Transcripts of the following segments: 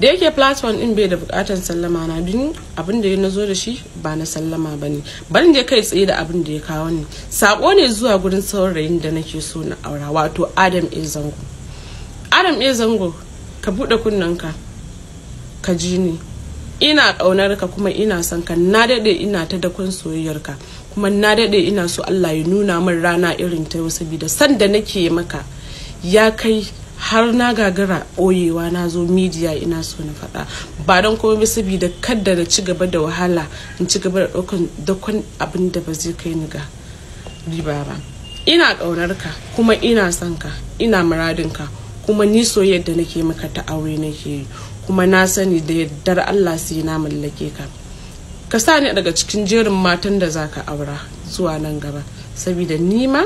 da yake platform din bai da bukatar sallama na bin abin da ya zo da shi ba na sallama ba ne barin da kai tsaye da abin da ya kawo ni sako ne zuwa gurin saurayin da nake so na aura wato adam e zango adam e zango ka bude kunnanka ka ji ni ina kaunar ka kuma ina son ka na dade ina ta dakon soyayyarka kuma na dade ina so allah ya nuna min rana irin ta yau saboda san da nake maka ya kai har na gagara oyewa na zo midiya ina so na faɗa ba don komai bi saboda kadda na ci gaba da wahala in ci gaba da ɗaukan dakon abin da ba zai kai ni ga riba ba ina ƙaunar ka kuma ina son ka ina muradin ka kuma ni so da nake maka ta aure nake yi kuma na sani da yaddar Allah sai na mallake ka ka sa ni daga cikin jerin matan da zaka aura zuwa nan gaba saboda ni ma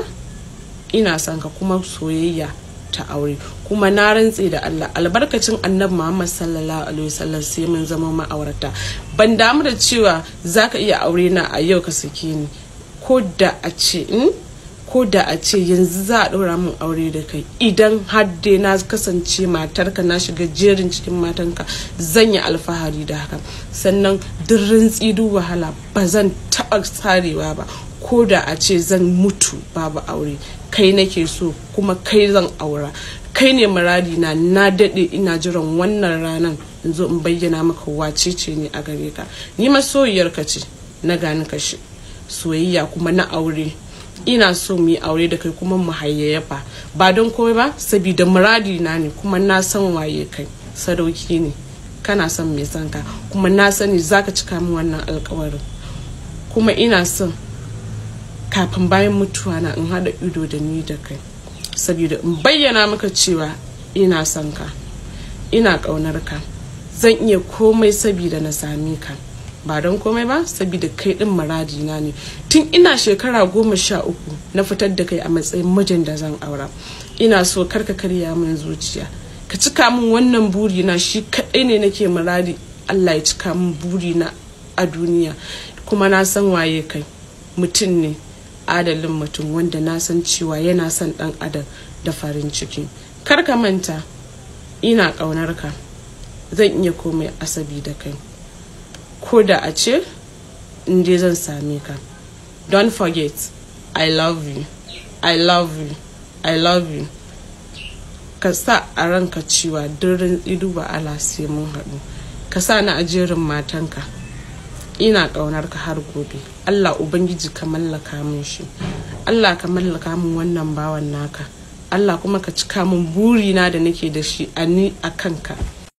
ina son ka kuma soyayya ta aure kuma na rantse da Allah albarkacin annabi Muhammad sallallahu alaihi wasallam sai mun zama ma'aurata ban damu da cewa zaka iya aure na a yau ka saki ni ko da a ce hmm? ko da a ce yanzu za a ɗora min aure da kai idan har dai na kasance matarka na shiga jerin cikin matanka zan yi alfahari da haka sannan rantsi tsidu wahala ba zan taɓa tsarewa ba ko da a ce zan mutu babu aure kai nake so kuma kai zan aura kai ne muradi na na daɗe ina jiran wannan ranan in zo in bayyana maka wace ce ne a gare ka ni soyayyar ka ce na gani shi soyayya kuma na aure ina so mu yi aure da kai kuma mu hayayyafa ba don komai ba saboda muradi na ne kuma na san waye kai sadauki ne kana son mai sanka kuma na sani zaka cika min wannan alƙawarin kuma ina son kafin bayan mutuwa na in haɗa ido da ni da kai saboda in bayyana maka cewa ina son ka ina ƙaunar ka zan iya komai saboda na same ka ba don komai ba saboda kai ɗin muradina ne tun ina shekara goma sha uku na fitar da kai a matsayin mijin da zan aura ina so karka karya min zuciya ka cika min wannan buri na shi kaɗai ne nake muradi allah ya cika min burina a duniya kuma na san waye kai mutum ne adalin mutum wanda na san cewa yana son ɗan adam da farin ciki kar ka manta ina ƙaunar ka zan iya komai asabi da kai ko da a ce in dai zan same ka don't forget i love you i love you i love you ka sa a ranka cewa durin idu ba ala sai mun haɗu ka sa ni a jerin matanka ina ƙaunar ka har gobe allah ubangiji ka mallaka min shi allah ka mallaka min wannan bawan naka allah kuma ka cika min burina da nake da shi a ni a kanka